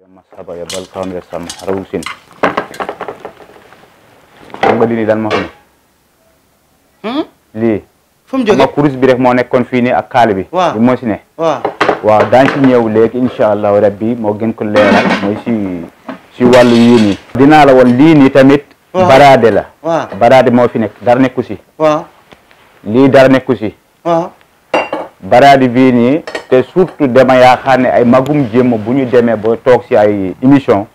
yamma saba yo bal kawmire sam nga lii nii ma xam hmm? lii fu mu jógee ma kurus bi rek moo nekkoon fii nii ak kaal bi waaw bi ne waaw waaw daan si ñëw léegi incha allahu rabbi moo gën ko leeral mooy si si wàllu dinaa la woon lii tamit baraade la baraade moo fi nekk dara nekku si lii dara nekku si baraade bii te surtout dama yaakaar ne ay magum jéem bu ñu demee boo toog si ay émission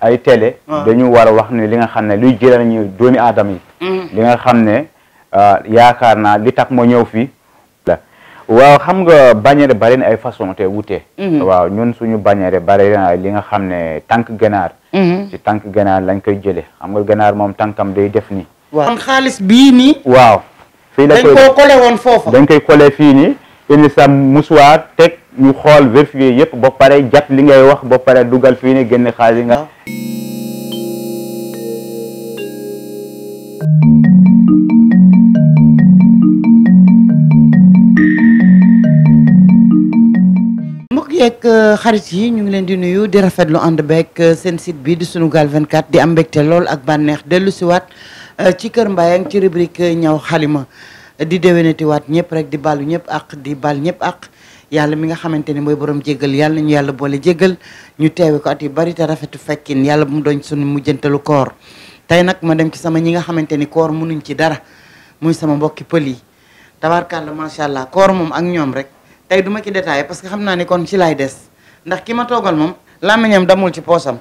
ay télé dañu war a wax ne li nga xam ne luy jëlee ñu doomi aadama yi mm. li nga xam ne euh, yaakaar naa li tax ma ñëw fii waaw xam nga bannière bari na ay façon te wute mm-hmm. waaw ñun suñu bannière bari na li nga xam ne tànk ganaar tank mm-hmm. tànk ganaar lañ koy jële xam nga ganaar moom tànkam day def nii waaw fii la dañ dañ koy kole fii nii indi sa musuwaar ñu xool vérifier yëpp ba pare li ngay wax ba pare dugal ne génn xaalis nga yeeg euh, xarit yi ñu ngi leen di nuyu di rafetlu ànd beeg euh, seen site bi di Sunugal 24 di am mbégte lool ak bànneex dellu siwaat euh, ci kër Mbayang ci rubrique ñaw xalima di déwénati waat ñëpp rek di balu ñëpp ak di baal ñëpp ak yàlla mi nga xamante ni mooy borom jéggal yàlla nañu yàlla boole jéggal ñu teewe ko at yu bari te rafetu fekkin yàlla bu mu doon suñu mujjantalu koor tey nag ma dem ci sama ñi nga xamante ni koor munuñ ci dara muy sama mbokki pël yi la macha allah koor moom ak ñoom rek tey duma ci détaillé parce que xam naa ni kon ci laay des ndax ki ma toogal moom làmmiñam damul ci poosam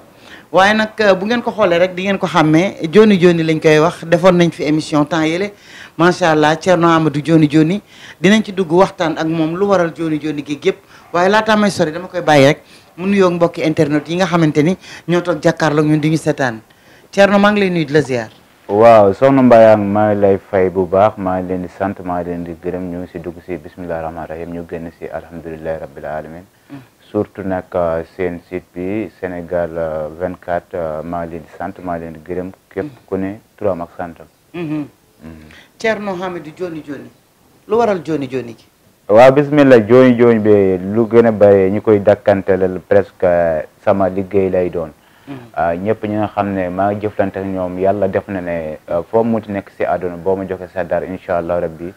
waaye nag euh, bu ngeen ko xoolee rek di ngeen ko xàmmee joni joni lañ koy wax defoon nañ fi émission temps yële macha allah Thierno Amadou joni joni dinañ ci dugg waxtaan ak moom lu waral joni joni gi gépp waaye laataa may sori dama koy bàyyi rek mu nuyoo mbokki internet yi nga xamante ni ñoo toog jàkkaarloo ñun di ñu seetaan Thierno maa ngi lay nuyu la ziar. waaw soxna Mbayang maa ngi lay fay bu baax maa ngi leen di sant maa di gërëm ñu ngi si dugg si bisimilah rahmaani rahiim ñu génn si alhamdulilah rabbil alamin mm. surtout nag euh, seen site bi Sénégal 24 euh, euh, maa leen sant maa gërëm. képp ku ne turam ak santam. Mm-hmm. Mm-hmm. Thierno Hamidou Joni Joni lu waral Joni Joni gi. waaw bisimilah Joni Joni bi lu gën a bare ñu koy dakkantelal presque sama liggéey lay doon. Euh, ñëpp ñi nga xam ne maa ngi jëflante ñoom yàlla def na ne euh, foo munti nekk si àdduna boo ma joxe sa dar incha allah rabbi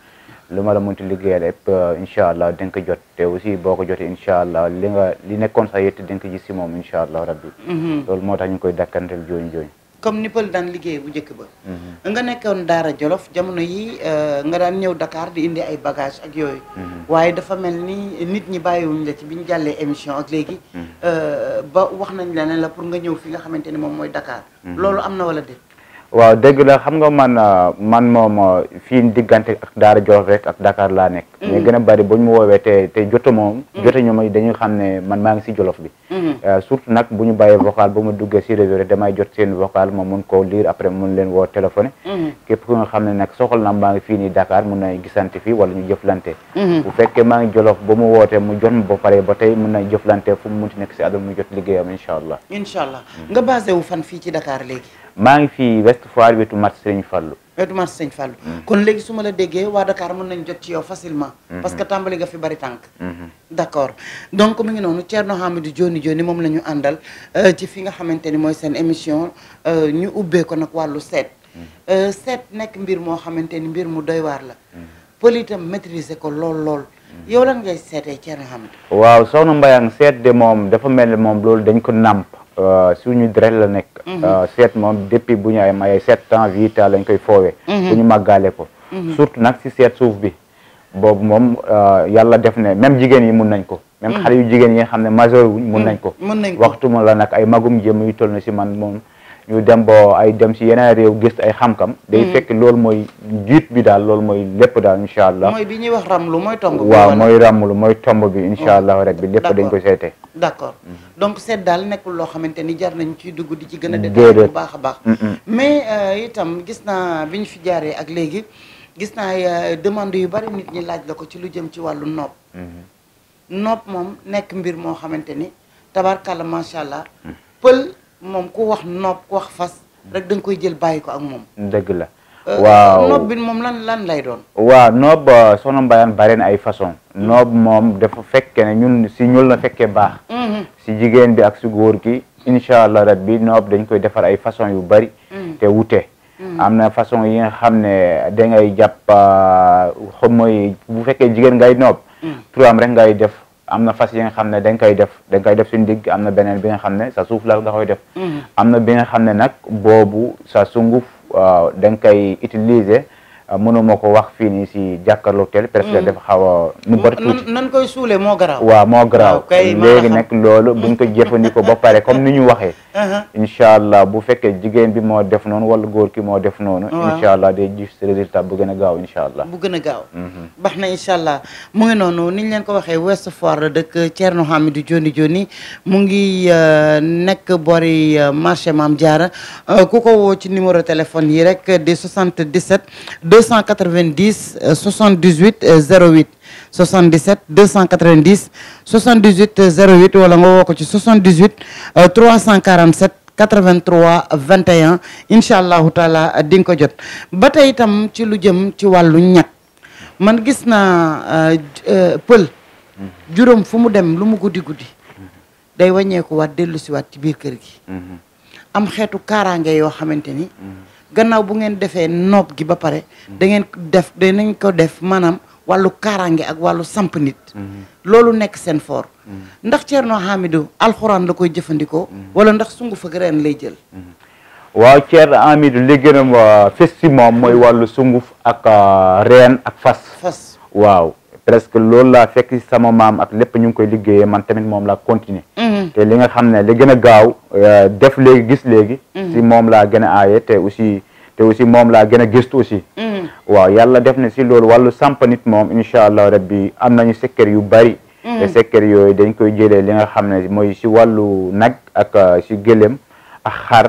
lu ma la munti liggéey lépp euh, incha allah di nga ko jot te aussi boo ko jotee incha allah li nga li nekkoon sa yett dink nga si moom incha allah rabbi mhm. loolu moo tax ñu koy dàkkantel jooñ jooñ comme ni pël daan liggéey bu njëkk ba. Mhm. nga nekkoon Daara Jolof jamono yi euh, nga daan ñëw dakaar di indi ay bagage ak yooyu. Mhm. waaye dafa mel ni nit ñi bàyyiwuñ la ci bi ñu jàllee émission ak léegi. Mhm. Euh, ba wax nañ la ne la pour nga ñëw fii nga xamante ni moom mooy dakaar loolu am na wala déet. waaw dégg la xam nga man euh, man moom euh, fii diggante ak Daara Jolof rek ak Dakar laa nekk. ñu mm-hmm. gën a bari bu ñu ma woowee te te jotee moom. Mm-hmm. jotee ñu ma dañuy xam ne man maa ngi si Jolof bi. Mm-hmm. Euh, surtout nag bu ñu bayee vocal ba mu duggee si réseau rek damay jot seen vocal ma mun koo liir après mu leen woo téléphone. képp ku nga xam ne nag soxal na maa ngi fii nii Dakar mun nañu gisante fii wala ñu jëflante. bu fekkee maa ngi Jolof ba mu wootee mu jot ma ba paree ba tey mun nañu jëflante fu mu munti nekk si àdduna mu jot liggéeyam incha allah. incha allah nga maa ngi fii West Foire wetu marché Serigne Fallou wetu marché Serigne Fallou kon léegi su ma la déggee waa Dakar mën nañ jot ci yow facilement mhm. parce que tàmbali nga fi bari tànk mhm. d'accord donc mu ngi noonu Thierno Hamidou Dioni Dioni moom lañu àndal euh, ci fi nga xamante ni mooy seen émission euh, ñu ubbee ko nag wàllu seet mhm. euh, seet nekk mbir moo xamante ni mbir mu doy waar la pël itam maîtriser ko lool lool yow lan ngay seetee Thierno Hamidou waaw soxna Mbayang seet de moom dafa mel ni moom loolu dañ ko nàmp Euh, suñu deret la nekk mhm. euh, seet moom depuis bu ñu ay mayee set ans huit lañ koy foowee bu mhm. ñu màggaale ko mhm. surtout nag si seet suuf bi boobu moom euh, yàlla def ne même jigéen yi mun nañ ko même xale yu jigéen yi nga xam ne majeur wuñ mun nañ ko waxtuma la nag ay magum jëm yu toll na si man moom ñu dem boo ay dem si yeneen réew gis ay xam-xam. day hmm. fekk loolu mooy jiit bi daal loolu mooy lépp daal incha allah. mooy bi ñuy wax ramlu mooy tomb bi. waaw mooy ramlu mooy bi incha oh. allah rek bi lépp dañ ko seete. d' accord hmm. donc seet daal nekkul loo xamante ni jar nañu ciy dugg di ci gën a. déedéet bu baax a baax. Hmm, mais euh, itam gis naa bi ñu fi jaaree ak léegi gis naa euh, demande yu bari nit ñi laaj la ko ci lu jëm ci wàllu nopp. nopp moom nekk mbir moo xamante ni tabarkalla macha allah moom ku wax nopp ku wax fas rek da koy jël bàyyi ko ak moom. dëgg la euh, waaw noob bi moom lan lan lay doon. waaw noob euh, soxna Mbayaan bare na ay façon noob moom dafa fekke ne ñun si ñul na fekkee baax. Mm-hmm. si jigéen bi ak si góor ki incha allah rabbi noob dañ koy defar ay façon yu bari. Mm-hmm. te wute. Mm-hmm. am na façon yi nga xam ne da ngay jàpp euh, xam mooy bu fekkee jigéen ngay noob. Mm. turam rek ngay def. am na fas yi nga xam ne danga koy def danga koy def suñu digg am na beneen bi nga xam ne sa suuf la nga koy def mm-hmm. am na bi nga xam ne nag boobu sa sunguf danga koy utiliser Euh, mënuma ko wax fii nii si jàkkaarloo teel presque mm. dafa xaw a nu bari tuuti nan koy suulee moo garaaw waaw moo garaaw ah, léegi nag loolu buñ ko jëfandikoo ba pare comme ni ñu waxee uh-huh. incha allah bu fekkee jigéen bi moo def noonu wala góor ki moo def noonu incha allah day gis résultat bu gën a gaaw incha allah bu gën a gaaw mm-hmm. baax na incha allah mu ngi noonu niñ leen ko waxee Ouest Foire dëkk Thierno Hamidou Dioni Dioni mu ngi euh, nekk bori euh, marché Mame Diarra ku ko woo téléphone yi rek di 290 78 08 77 290 78 08 wala nga woo ko ci 78 347 83 21 incha allahu taala di nga ko jot ba tey itam ci lu jëm ci wàllu ñag man gis naa euh, euh, pël juróom fu mu dem lu mu guddi guddi day wàññeeku waat dellu si waat ci biir kër gi mm-hmm. am xeetu kaaraange yoo xamante ni mm-hmm. gannaaw bu ngeen defee nopp gi ba pare mm-hmm. da ngeen def danañ ko def maanaam wàllu kaaraange ak wàllu samp nit mm-hmm. loolu nekk seen for mm-hmm. ndax Thierno Hamidou alxuraan la koy jëfandikoo wala ndax sunguf ak reen lay jël waaw Thierno Hamidou li gën a fës ci moom mooy wàllu sunguf ak ah, reen ak fas fas waaw presque loolu laa fekk sama maam ak lépp ñu ngi koy liggéeyee man tamit moom laa continuer mhm. te li nga xam ne li gën a gaaw euh, def léegi gis léegi si mhm. moom laa gën a aaye te aussi te aussi moom laa gën a gëstu aussi mhm. waaw yàlla def na si loolu wàllu samp moom incha allah rabbi am nañu secret yu bari te secret yooyu dañ koy jëlee li nga xam ne mooy si wàllu nag ak si euh, gëléem ak xar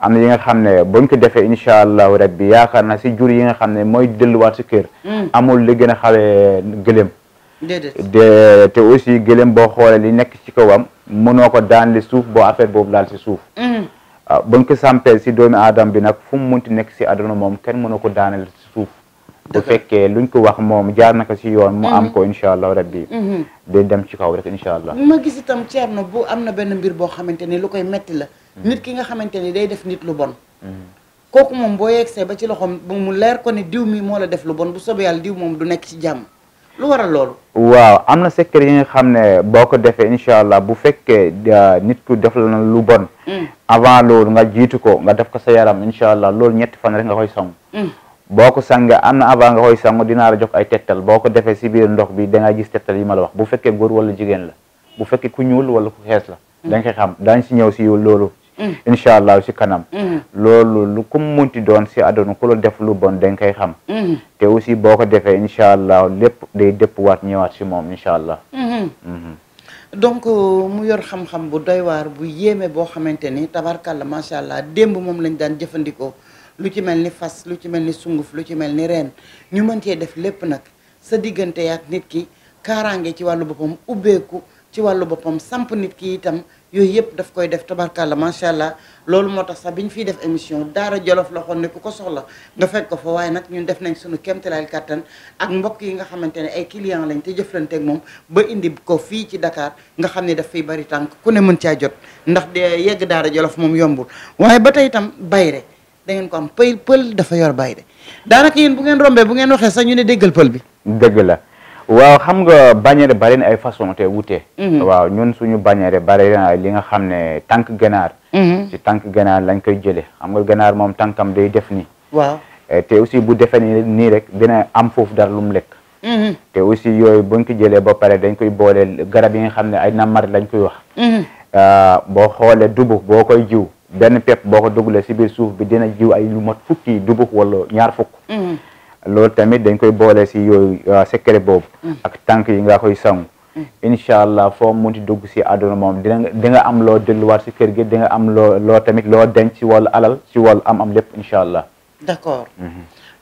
am na yi nga xam ne buñ ko defee incha allahu rabbi yaakaar naa si jur yi nga xam ne mooy delluwaat si kër. Mm. amul li gën a xawee gëlëm. de te aussi gëlëm boo xoolee li nekk ci kawam mënoo ko daan li suuf boo affaire boobu laal si suuf. Mm. Ah, buñ ko sampee si doomi aadama bi nag fu mu munti nekk si àdduna moom kenn mënoo ko daaneel si suuf. bu fekkee luñ ko wax moom jaar na ko si yoon. mu am mm-hmm. ko incha allah rabbi. Mm-hmm. day dem ci kaw rek allah. Mm-hmm. nit ki nga xamante ni day def nit lu bon mm-hmm. kooku moom boo yegsee ba ci loxoom mu leer ko ne diw mi moo la def lu bon bu soobee yàlla diw moom du nekk ci jàmm lu waral lool waaw am na secret yi nga xam ne boo ko defee incha allah bu fekkee euh, nit ku def la lu bon mm. avant loolu nga jiitu ko nga def ko sa yaram incha allah loolu ñetti fan nga koy sangu mm. boo ko sangee am na avant nga koy sangu dinaa la jox ay tegtal boo ko defee si biir ndox bi da nga gis tegtal yi ma la wax bu fekkee góor wala jigéen la bu fekkee ku ñuul wala ku xees la mm. da nga koy xam daañ si ñëw si loolu Mm. incha allah si kanam mm. loolu lu kum munti doon si àdduna ku la def lu bon dañ koy xam mm. te aussi boo ko defee incha allah lépp day waat ñëwaat si moom incha allah mm-hmm. mm-hmm. donc euh, mu yor xam-xam bu doy waar bu yéeme boo xamante ni tabarkàlla macha allah démb moom lañ daan jëfandikoo lu ci mel ni fas lu ci mel ni sunguf lu ci mel ni reen ñu mën cee def lépp nag sa diggante yaat nit ki kaaraange ci wàllu boppam ubbeeku ci wàllu boppam samp nit ki itam yooyu yëpp daf koy def tabarkalla macha allah loolu moo tax sax bi ñu fiy def émission daara jolof la xoon ne ku ko soxla nga fekk ko fa waaye nag ñun def nañ suñu kéemtalaay kattan ak mbokk yi nga xamante ne ay client lañ te jëflante ak moom ba indi ko fii ci Dakar nga xam ne daf fiy bari tànk ku ne mën caa jot ndax de yegg daara jolof moom yombul waaye ba tey itam bayre da ngeen ko am pël pël dafa yor bayre daanaka yéen bu ngeen rombee bu ngeen waxee sax ñu ne déggal bi dëgg la waaw xam nga bañeere bari na ay façon te wute mhm. waaw ñun suñu bañeere bari na li nga xam ne tànk ganaar mhm. tànk ganaar lañ koy jële xam nga ganaar moom tànkam day def nii waaw eh, te aussi bu defee nii rek dina am foofu dara lu mu lekk mhm. te aussi yooyu buñ ko jëlee ba pare dañ koy boole garab yi nga xam ne ay namar lañ koy wax ah, boo xoolee dubux boo koy jiw benn pepp boo ko dugalee si biir suuf bi dina jiw ay lu mat fukki dubux wala ñaar fukk loolu tamit dañ koy boole si yooyu secret boobu mm. ak tànk yi nga koy sangu mm. incha allah foo munti dugg si àdduna moom dina di am loo delluwaat si kër gi danga am loo loo tamit loo den ci wàllu alal ci wàllu am am lépp incha allah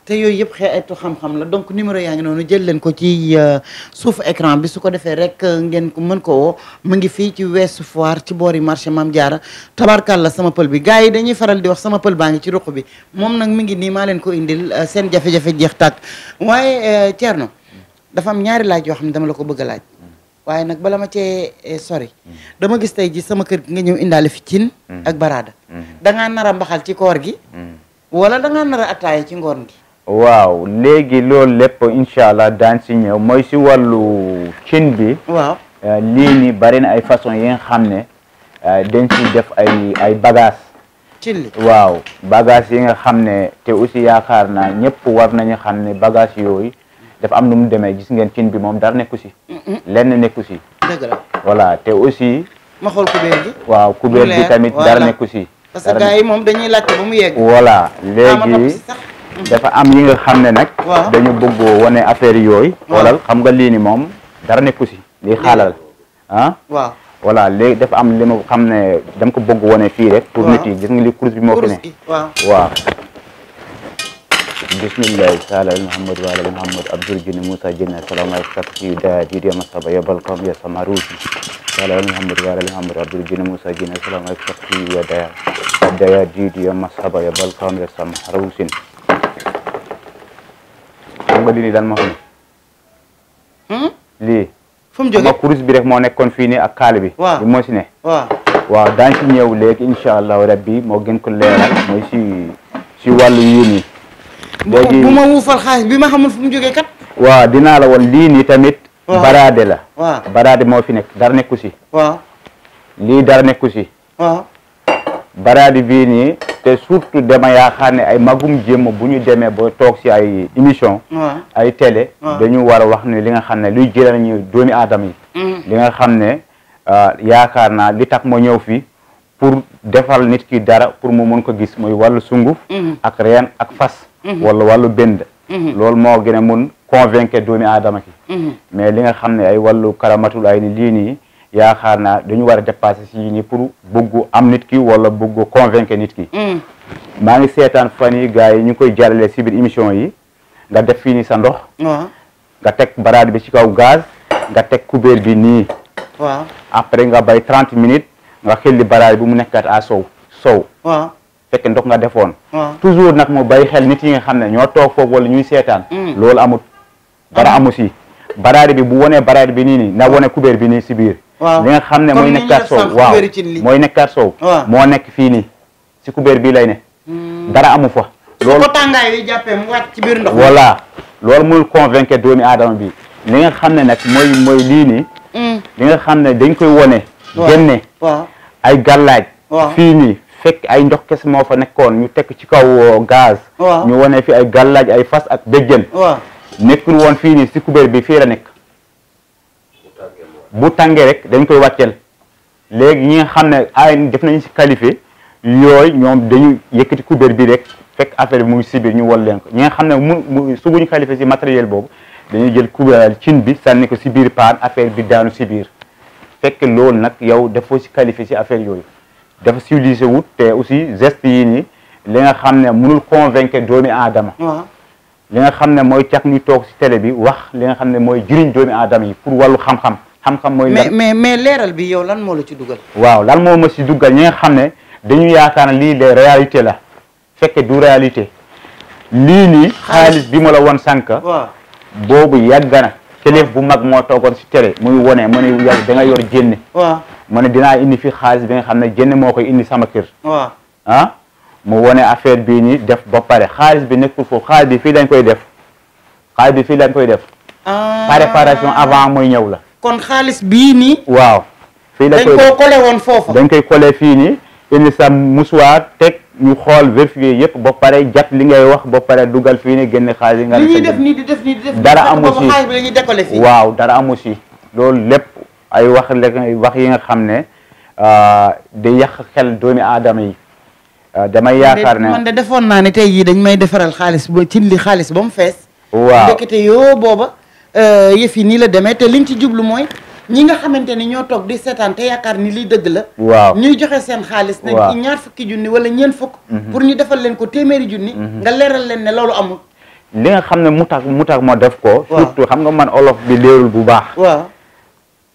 te yooyu yëpp xeetu xam-xam la donc numéro yaa ngi noonu jël leen ko ci euh, suuf écran bi su ko defee rek euh, ngeen ko mën koo woo mu ngi fii ci weesu foir ci boori marché Mame Diarra la sama pël bi gars yi dañuy faral di wax sama pël baa ngi ci ruq bi moom nag mi ngi nii maa leen ko indil euh, seen jafe-jafe jeex tàkk waaye Thierno dafa am ñaari laaj yoo xam ne dama la ko bëgg a laaj waaye nag bala ma cee sori dama gis tey ji sama kër nga ñëw indaale fi cin ak baraada mm-hmm. ci koor gi mm-hmm. wala a attaaya ci ngoon gi waaw léegi loolu lépp incha allah daan si mooy si wallu cin bi. waaw euh, lii bari na ay façon yi nga xam ne euh, dañ si def ay ay bagages. cin waaw bagages yi nga xam ne te aussi yaakaar na ñëpp war nañu xam ne bagages yooyu dafa am nu mu demee gis ngeen cin bi moom dara nekku si. lenn nekku si. dëgg te aussi. ma xool kubéer gi. bi tamit dara nekku si. parce que voilà léegi. dafa am yi nga xam ne nag dañu bëgg wane affaire yooyu xoolal xam nga lii ni moom dara nekku si lii xaalal ah waaw voilà léegi dafa am li ma xam ne dama ko bëgg wane fii rek pour nit yi gis nga li kurus bi moo fi ne waaw bismillahi taala muhammad wa ala muhammad abdul jinni musa jinna salama sakti da jiri masaba ya balkam ya samaruti taala muhammad wa ala muhammad abdul jinni musa jinna salama sakti ya da da jiri masaba ya balkam ya samaruti nga lii nii lan moo hmm? fi mu jógee ma kurus bi rek moo nekkoon fii nii ak kaal bi. waaw li moo si ne. waaw waaw si ñëw léegi incha allahu rabbi moo gën ko leeral mooy si si yii nii. bu ma wuufal xaalis bi ma xamul fu mu jógee kat. waaw dinaa la woon lii nii tamit. waaw baraade la. baraade moo fi nekk dara nekku si. lii dara nekku si. baraadi bii nii te surtout dama yaakaar ne ay magum jëmm bu ñu demee bo toog si ay émission ay télé dañu war a wax ni li nga xam ne luy jëlee ñu doomi aadama yi mm-hmm. li nga xam ne euh, yaakaar naa li tax ma ñëw fii pour defal nit ki dara pour mu mën ko gis muy wàllu sunguf mm-hmm. ak reen ak fas mm-hmm. wala wàllu bënd loolu moo gën a mun convaincre doomi aadama ki mais li nga xam ne ay wàllu karamatul ay ni lii yaakaar naa dañu war a dépasser si ni pour bëgg am nit ki wala bëgg convaincre nit ki mm. maa ngi seetaan fan yi gars yi ñu koy jarale si biir émission yi nga def fii nii sa ndox nga teg baraade bi ci kaw gaz nga teg kubéer bi nii après nga bay trente minutes nga xelli baraade bi mu nekkaat à sow sow waaw fekk ndox nga defoon toujours nag mu bay xel nit yi nga xam ne ñoo toog foofu wala ñuy seetaan mm. loolu amut dara amu si baraade bi bu wonee baraade bi nii nii na wone kubéer bi nii si biir waaw li nga xam ne mooy nekkaat soow waaw mooy nekkaat soow moo nekk fii nii si kubéer bii lay ne hmm. dara amu fa loolu ko tàngaay yi ci biir ndox voilà loolu muy convaincre doomi aadama bi li nga xam ne nag mooy mooy lii nii hmm. li nga xam ne dañ koy wone génne ay gàllaaj fii nii fekk ay ndox kes moo fa nekkoon ñu tekk ci kaw uh, gaz ñu wone fi ay gàllaaj ay fas ak béjjën nekkul woon fii nii si kubéer bi fii la nekk bu tàngee rek dañ koy wàcceel léegi ñi nga xam ne ay def nañ si qualifié yooyu ñoom dañu yëkkati kubéer bi rek fekk affaire bi mu ngi si ñu wol leen ko ñi nga xam ne mu su buñu qualifié si matériel boobu dañuy jël kubéer cin bi sànni ko si biir paan affaire bi daanu si biir fekk loolu nag yow dafoo si qualifié si affaire yooyu dafa civilisé wut te aussi geste yi nii li nga xam ne mënul convaincre doomi aadama li nga xam ne mooy tax ñu toog si télé bi wax li nga xam ne mooy jëriñ doomi aadama yi pour wàllu xam xam mooy. mais mais mais leeral bi yow lan moo la ci dugal. waaw lan moo ma si duggal ñi nga xam ne dañuy yaakaar ne lii de réalité la fekke du réalité lii ni xaalis bi ma la woon sànq. waaw boobu yàgg na. élève bu mag moo toogoon si tere muy wone ma ne yow da yor jénne waaw ma ne dinaa indi fi xaalis bi nga xam ne jénne moo koy indi sama kër waaw ah? mu wone affaire bii nii def ba pare xaalis bi nekkul foofu xaalis bi fii lañ koy def xaalis bi fii lañ koy def ah. préparation avant muy ñëw la kon xaalis bii nii. waaw fii la dañ koo collé woon foofu dañ koy collé fii nii sa musuwaar teg ñu xool vérifier yëpp ba pare jat li ngay wax ba pare dugal fii nii génn xaalis yi. nga li ñuy dara amu si xaalis waaw dara amu si loolu lépp ay wax lekk wax yi nga xam ne euh, day yàq xel doomi aadama yi. Euh, damay yaakaar ne man de defoon naa ne tey jii dañ may defaral xaalis ba ci li xaalis ba mu fees. waaw yoo booba. Euh, yëf nii la demee te liñ ci jublu mooy ñi nga xamante ni ñoo toog di seetaan te yaakaar ni lii dëgg la. waaw ñuy joxe seen xaalis. waaw nag ci ñaar fukki junni wala ñeent fukk. Mhm. pour ñu defal leen ko téeméeri junni. Mhm. nga leeral leen ne loolu amul. li nga xam ne mu tax mu ma def ko. surtout xam nga man olof bi leerul bu baax. waaw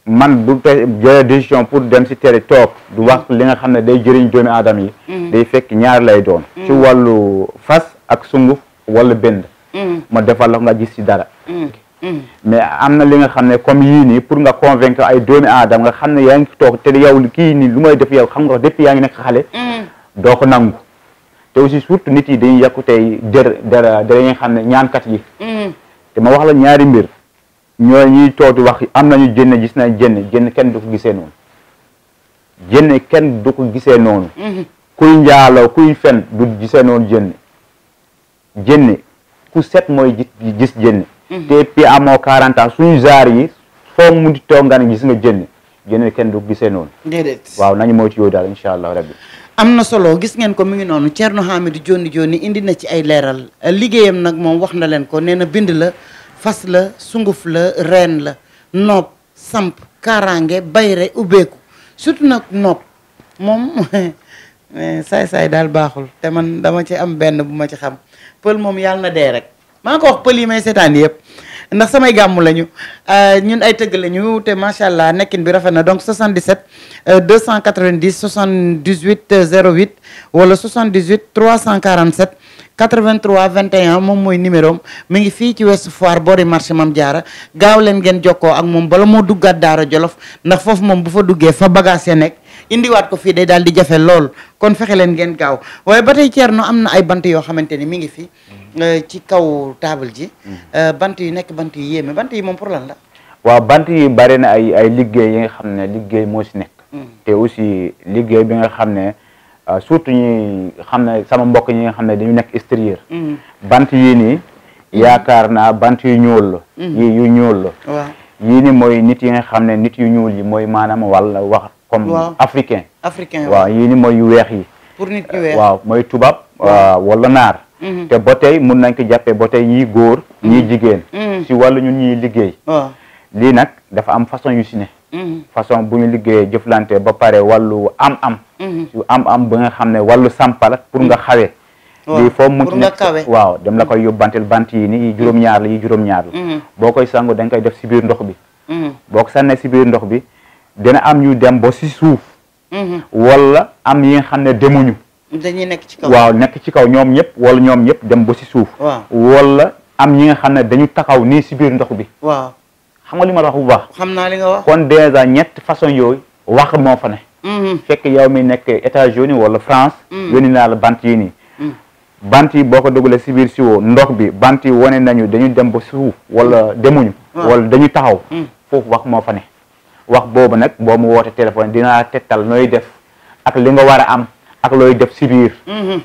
man bu pe jëlee décision pour dem si tere toog. du mhm. wax li nga xam ne day jëriñ doomi aadama yi. day fekk ñaar lay doon. ci wàllu fas ak sunguf wala bënd. ma gis si dara. Mm. mais am na li nga xam ne comme yii nii pour nga convaincre ay doomi aadama nga xam ne yaa ngi toog te yow kii nii lu may def yow xam nga depuis yaa ngi nekk xale mm. doo ko nangu te aussi surtout nit yi dañuy yàqu tey der der der yi xam ne ñaankat yi mm. te ma wax la ñaari mbir ñoo ñuy toog di wax am nañu jënn gis nañ jën jënn kenn du ko gisee noonu kenn du ko gisee noonu mm-hmm. kuy njaaloo kuy fen du gisee noonu jënn jënn ku set mooy gis gis Mhm. te pi amoo 40 ans suñu genre yi foo mu di toog nga ne gis nga jënn jënn kenn du gisee noonu. déedéet waaw nañu moytu yooyu daal incha allah rabbi. am na solo gis ngeen ko mu ngi noonu Thierno di Dioni Dioni indi na ci ay leeral liggéeyam nag moom wax na leen ko neena na bind la fas la sunguf la reen la noob samp kaaraange bayre ubbeeku surtout nag noob moom eh, saay-saay daal baaxul te man dama ci am benn bu ma ci xam pël moom yàlla na dee rek. maa ko wax pël yi may seetaan yëpp ndax samay gàmmu lañu euh, ñun ay tëgg lañu te macha allah nekkin bi rafet na donc 77 290 78 08 wala 78 347 83 21 moom mooy numéro am mi ngi fii ci Ouest Foire boori marché mam jaara gaaw leen ngeen jokkoo ak moom bala moo duggaat Daara Jolof ndax foofu moom bu fa duggee fa bagage ya nekk. indiwaat ko fii day daal di jafe lool kon fexe leen ngeen gaaw waaye ba tey Thierno am na ay bant yo xamante ni mi ngi fi euh, ci kaw table ji mm-hmm. euh, bant yi nekk bant yu yéeme bant yi moom pour la waaw bant yi bari na ay ay liggéey yi nga xam ne liggéey moo si nekk mm. te aussi liggéey bi nga xam ne euh, surtout ñi xam ne sama mbokk ñi nga xam ne dañu nekk extérieur mm. bant yii nii mm. yaakaar naa bant yu ñuul la yii yu ñuul la yii mooy nit yi nga xam ne nit yu ñuul yi mooy maanaam wàll wax comme africain africain waaw yii ni mooy yu weex yi pour nit waaw mooy tubaab wala naar mhm. te ba tey mun nañ ko jàppee ba tey ñii góor ñii mhm. jigéen mhm. si wàllu ñun ñuy liggéey lii nag dafa am façon yu si ne façon bu ñu liggéeyee jëflante ba pare wàllu am-am su am-am ba nga xam ne wàllu sampal pour nga xawee lii foo munti nekk waaw dem la koy yóbbantel bant yi ni yi juróom-ñaar la yi juróom-ñaar boo koy sangu da nga koy def si biir ndox bi boo ko sànnee si ndox bi dina am ñu dem ba si suuf. Mhm. wala am ñi nga xam ne demuñu. dañuy nekk ci kaw waaw nekk ci kaw ñoom ñëpp wala ñoom ñëpp dem ba si suuf. wala am ñi nga xam ne dañu taxaw nii si biir ndox bi. waaw xam nga li ma wax bu baax. xam naa li nga wax kon dèjà façon yooyu wax moo fa ne. Mhm. fekk yow mi nekk États-Unis wala France. Mhm. yónni naa la bant yi nii. bant yi boo ko dugalee si biir siwo ndox bi bant yi wane nañu dañu dem ba suuf wala demuñu. wala dañu taxaw. foofu wax moo fa ne. wax boobu nag boo mu woote téléphone dina tetal nooy def ak li nga war a am ak looy def si biir mhm.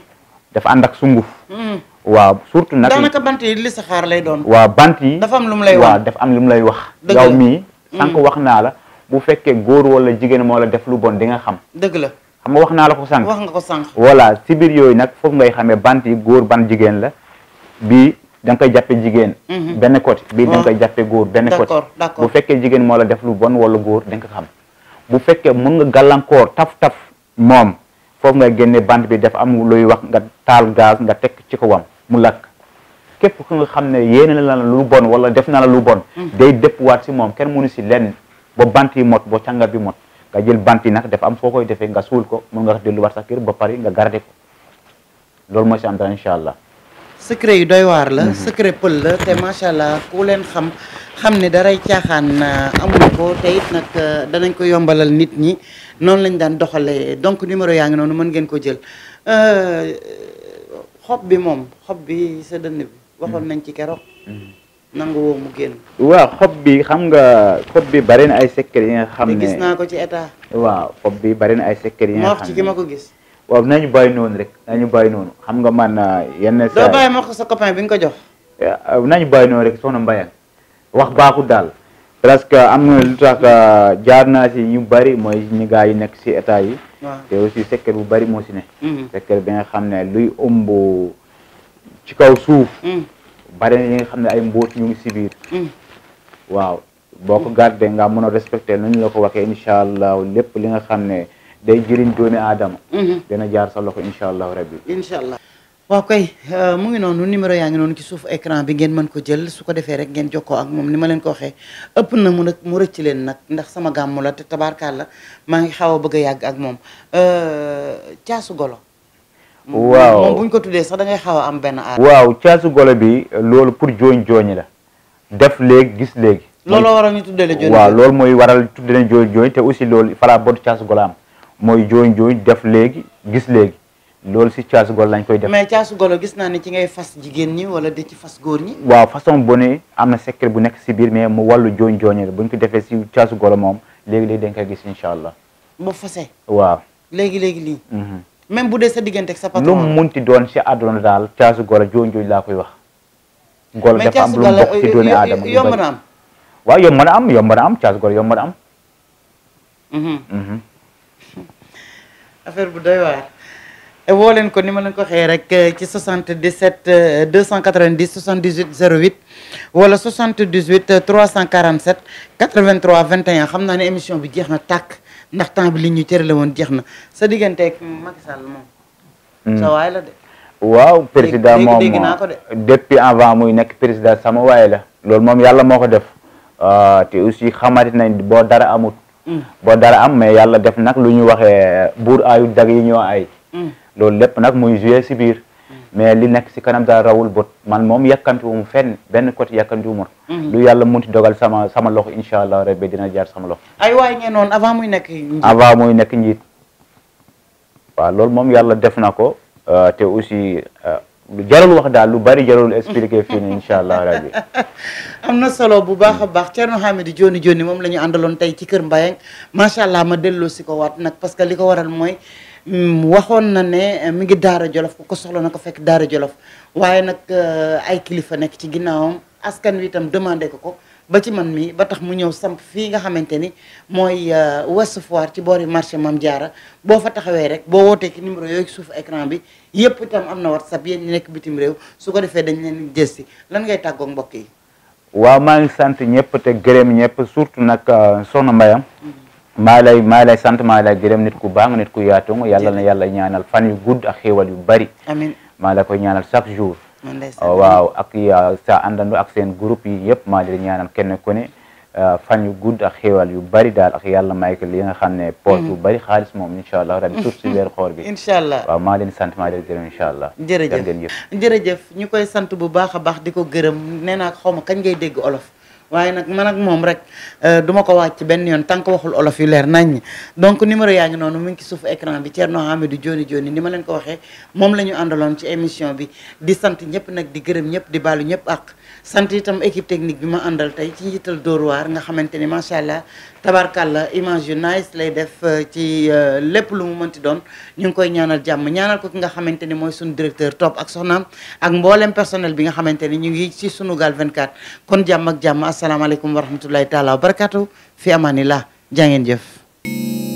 dafa ànd ak sunguf mhm. waaw surtout nag daanaka bant yi li saxaar lay doon waaw bant yi dafa am lu mu lay wax waaw dafa am lu mu lay wax yow mii mhm. sànq wax naa la bu fekkee góor wala jigéen moo la def lu bon di nga xam dëgg la xam nga wax naa la ko sànq wax nga ko sànq voilà si biir yooyu nag foofu ngay xamee bant yi góor ban jigéen la bii da nga koy jàppe jigéen mhm. benn côté bii da koy jàppe góor benn côté bu fekkee jigéen moo la def lu bon wala góor danga ko xam bu fekkee mun nga gàllankoor taf-taf moom foofu nga génne bant bi def am luy wax nga taal gaz nga teg ci ko wam mu lakk képp ku nga xam ne yéene la la lu bon wala def na lu bon mhm. day dëppwaat si moom kenn mënu si lenn ba bant yi mot ba càngat bi mot nga jël bant yi nag def am foo koy defee nga suul ko mun nga delluwaat sa kër ba pare nga garder ko loolu mooy si am dara incha allah secret yu doy waar la. Mhm. secret pël la te macha allah ku leen xam xam ne daray caaxaan euh, amuñu ko te nag euh, danañ ko yombalal nit ñi noonu lañ daan doxalee donc numéro yaa ngi noonu mën ngeen ko jël euh, xob bi moom xob bi sa dënn bi. waxoon nañ ci keroog. Mhm. nangu woo mu génn. waaw xob bi xam nga xob bi bari na ay secret yi nga xam ne. gis naa ko ci état. waaw xob bi bari na ay secret yi nga xam ne ma wax ci ki ma ko gis. waaw naa ñu bàyyi noonu rek naa ñu bàyyi xam nga man ah, yenn saa sa copain bi nga ko jox eh, ah, naa ñu bàyyi noonu rek soxna Mbayang wax baaxul daal parce am na lu tax ah, jaar naa si ñu bari mooy ñi gaa yi nekk si état yi te aussi secteur bu bari moo si ne mm-hmm. secteur bi nga xam ne luy ëmb ci kaw suuf mm. bari na ñi nga xam ne ay mbóot ñu ngi si biir mm. waaw boo ko gardé nga mën a respecté nañu la ko waxee incha allah lépp li nga xam ne day jëriñ doomi aadama mhm. dina jaar sa loxo incha allahu rabbi incha allah waaw kay euh, mu ngi noonu numéro yaa ngi noonu ci suuf écran bi ngeen mën ko jël su ko defee rek ngeen jokkoo ak moom ni ma leen ko waxee ëpp na mu nag mu rëcc leen nag ndax sama gàmmu la te tabaarkalla maa ngi xaw a bëgg a yàgg ak moom euh, caasu golo waaw moom bu ko tuddee sax da xaw a am benn aar waaw caasu golo bi loolu pour jooñ jooñi la def léegi gis léegi loolu waral ñu tuddee la jooñ waaw loolu mooy waral mooy jooñ jooñ def léegi gis léegi loolu si caasu golo lañ koy def. mais caasu golo gis naa ni ci ngay fas jigéen ñi wala di ci fas góor ñi. waaw façon bone am na secret bu nekk si biir mais mu wallu jooñ jooñ la bu ñu ko defee si caasu golo moom léegi léegi dañ koy gis incha allah. ba fase. waaw léegi léegi lii. Mhm. même bu dee sa diggante ak sa patron. lu doon si àdduna daal caasu golo jooñ jooñ laa koy wax. golo dafa am lu mu bokk si doone aadama yomb na am. waaw yomb am yomb na am caasu golo yomb na am. Mhm. Mhm. affaire bu doy waar eh, woo leen ko ni ma leen ko waxee rek eh, ci 77 290 78 08 wala 78 347 83 21 xam naa ne émission bi jeex na tàkk ndax temps bi li ñu cërale woon jeex na sa digganteeg Macky Sall moom. Hmm. sa waay la de. waaw président moom dégg naa ko de. depuis avant muy nekk président sama waaye la. loolu moom yàlla moo ko def ah, te aussi xamante nañ boo dara amut. Mm. ba dara am mais yàlla def nag lu ñu waxe buur aayu dag yi ñu ay mm. loolu lépp nag muy joué si biir mm. mais li nekk si kanam daal rawul bot man moom yàkkamti wu mu fenn benn côté yàkkamti wu ma lu yàlla munti dogal sama sama loxo incha allah rabbi dina jaar sama loxo ay waay avant muy nekk njiit avant muy nekk njiit loolu moom yàlla def na ko euh, te aussi euh, lu jarul wax daal lu bari jarul expliquer fii nii incha allah rabi. am na solo bu baax a baax Thierno Hamidou Dioni Dioni moom lañu àndaloon tey ci kër Mbayang macha allah ma delloosi ko waat nag parce que li ko waral mooy mm, waxoon na ne eh, mi ngi Daara Jolof ku ko soxla na ko fekk Daara Jolof waaye nag eh, ay kilifa nekk ci ginnaawam askan wi itam demandé ko ko. ba ci man mii ba tax mu ñëw samp fii nga xamante ni mooy euh, Ouest Foire ci boori marché Mame Diarra boo fa taxawee rek boo wootee ci numéro yooyu suuf écran bi yépp tam am na WhatsApp yéen ñi nekk bitim réew su ko defee dañ leen jës si lan ngay mbokk yi. waaw maa ngi sant ñëpp te gërëm ñëpp surtout nag euh, soxna Mbayam. Mm-hmm. maa lay maa lay sant maa lay gërëm nit ku baax nit ku yaatu yàlla na yàlla ñaanal fan yu gudd a xéewal yu bari. amiin maa Ah, waaw ak sa àndandoo ak seen groupe yi yëpp maa ngi leen ñaanal kenn ku ne ah, fan yu gudd ak xéewal yu bari daal ak yàlla may ko li nga xam ne poche bu mm. bari xaalis moom incha allah rabbi suuf si weer xoor bi incha allah waaw maa leen sant maa leen gërëm incha allah jërëjëf jërëjëf koy sant bu baax a baax di ko gërëm nee naa xaw ma kañ ngay dégg olof waaye nag man moom rek euh, duma ko ko ci benn yoon tant waxul olof yu leer nañ donc numéro yaa ngi noonu mu ngi ci suufu écran bi Thierno Hamidou Dioni Dioni ni ma leen ko waxee moom la àndaloon ci émission bi di sant ñëpp nag di gërëm ñëpp di baalu ñëpp ak sant itam équipe technique bi ma àndal tey ci njiital Dóor waar nga xamante ni macha allah tabarkàlla image yu nice lay def euh, ci euh, lépp lu mu mënti doon ñu ngi koy ñaanal jàmm ñaanal ko ki nga xamante ni mooy suñu directeur topp ak soxnaam ak mboolem personnel bi nga xamante ni ñu ngi ci Sunugal 24 kon jàmm ak jàmm asalaamaaleykum wa rahmatullahi taala wa barakatu fi amaanillah jaa ngeen jëf